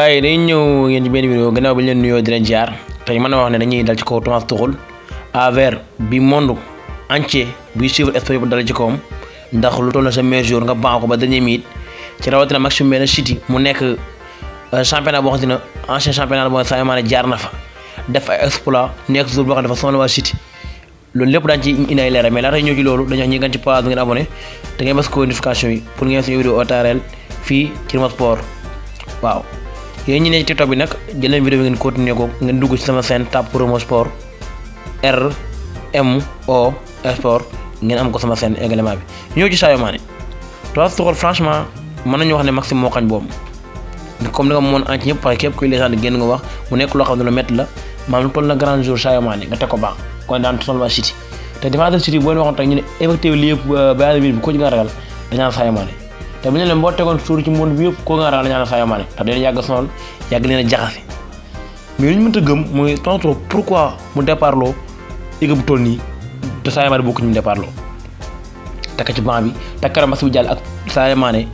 waaye day ñëw ngeen ci benn vidéo gannaaw bi ñu leen nuyoo di leen jaar tey mën na wax ne dañuy dal ci kaw Thomas Tuchel avers bi monde entier buy suivre sport yëpp dal ci kawam ndax lu toll na sa meilleur jour nga ban ko ba dernier minute ci rawatina maximum benn City mu nekk euh, championnat boo xam ne ancien championnat boo xam ne Sadio Mané jaar na fa def ay exploit nekk jour boo xam ne dafa sonal waa City loolu lépp daan ci indi ay leeral mais laata ñëw ci loolu dañuy wax ñi ngeen ci page ngeen abonné da ngeen bës ko notification yi pour ngeen suñu vidéo otaareel fii ci Rmo Sport waaw yéen ñi ne ci tiktok nak nag jël leen vidéo bi ngeen continuer ko ngeen dugg ci sama seen tap promo sport r m o sport ngeen am ko sama seen également bi ñoo ci Sadio Mané Thomas Tuchel franchement man nañu wax ne Maxime xagn bom ni comme da nga moon anc ñëpp parce que képp kuy légende génn nga wax mu nekk lo xam lu met la maanaam lu toll na grand jour Sadio Mané nga teg ko baax kon daan sonal waa City te dal City bo ñu waxon tak ñu ne effectif lepp yëpp Bayern bi ko ci nga ragal dañ na Sadio Mané te bu ñu leen boo tegoon suur ci monde bi yëpp ko nga raal ñaan Sadio Mané ndax dañu yàgg sonal yàgg leen a jaxase mais li ñu mënta gëm mooy pour pourquoi mu deparlo loo bu toll nii te Sadio Mané bokkuñu mu départ loo takk ci banc bi takkara mas bi jàll ak Sadio Mané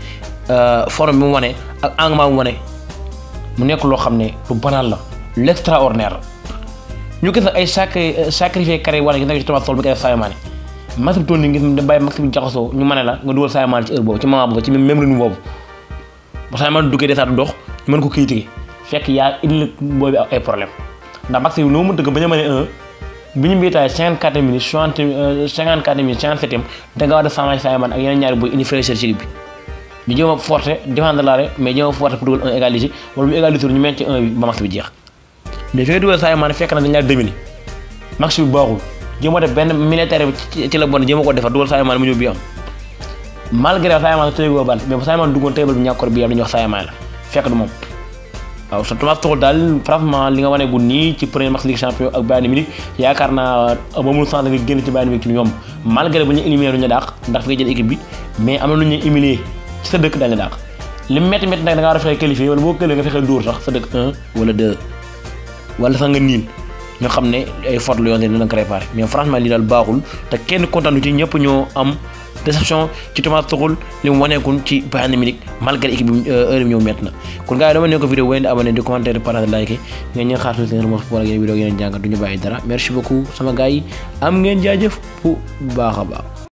euh, forme bi mu wane ak engagement mu wane mu nekk loo xam ne lu banal la l' extraordinaire ñu gis nag ay sac euh, sacrifié carré wane gis nag ci Thomas match bi toll nii nga bàyyi match bi jaxasoo ñu mane la nga dugal Sadio ci heure boobu ci moment boobu ci même boobu ba duggee desaatu dox ñu mën ko critiquer fekk yaa indil boobu ay problème ndax match bi noo mën dëgg ba ñu mënee un bi ñu mbiitaay cinquante quatre minutes soixante euh, cinquante quatre minutes cinquante a ci bi mais jéem a forte pour dugal un ci un bi ba match bi jeex mais fi nga dugal Sadio fekk na dañ laa dominer match bi baaxul jéem def benn militaire bi ci la bon jéem ko defar dugal Sadio mu ñu bi am malgré Sadio tey go ban mais bu dugon table bi ñakkor bi am dañuy wax Sadio fekk du mom waaw sa Thomas Tuchel dal franchement li nga wone gu ni ci premier match Ligue champion ak Bayern Munich yakarna euh, amul sans nga génn ci Bayern Munich ñom malgré bu ñu éliminer ñu dàq ndax fi jël équipe bi mais amna na ñu éliminer ci sa dëkk daal la dàq li metti metti nak da nga rafé qualifier wala bo këlee nga fexé dóor sax sa dëkk 1 wala 2 wala sa nga nil ñoo xam ne ay faute la yoo xam ne dinañ ko réparé mais lii daal baaxul te kenn kontaanu ci ñëpp ñoo am déception ci Thomas Tuchel li mu waneekun ci Bayern Munich malgré équipe bi euh, heure bi ñëw métti na kon gars yi dama nekk ko vidéo wéyandi abonné di commentaire partage like nga ñeen xaar tuuti seen remorse pour ak yeneen vidéo yeneen jàngat du ñu bàyyi dara merci beaucoup sama gars yi am ngeen jaajëf bu baax a baax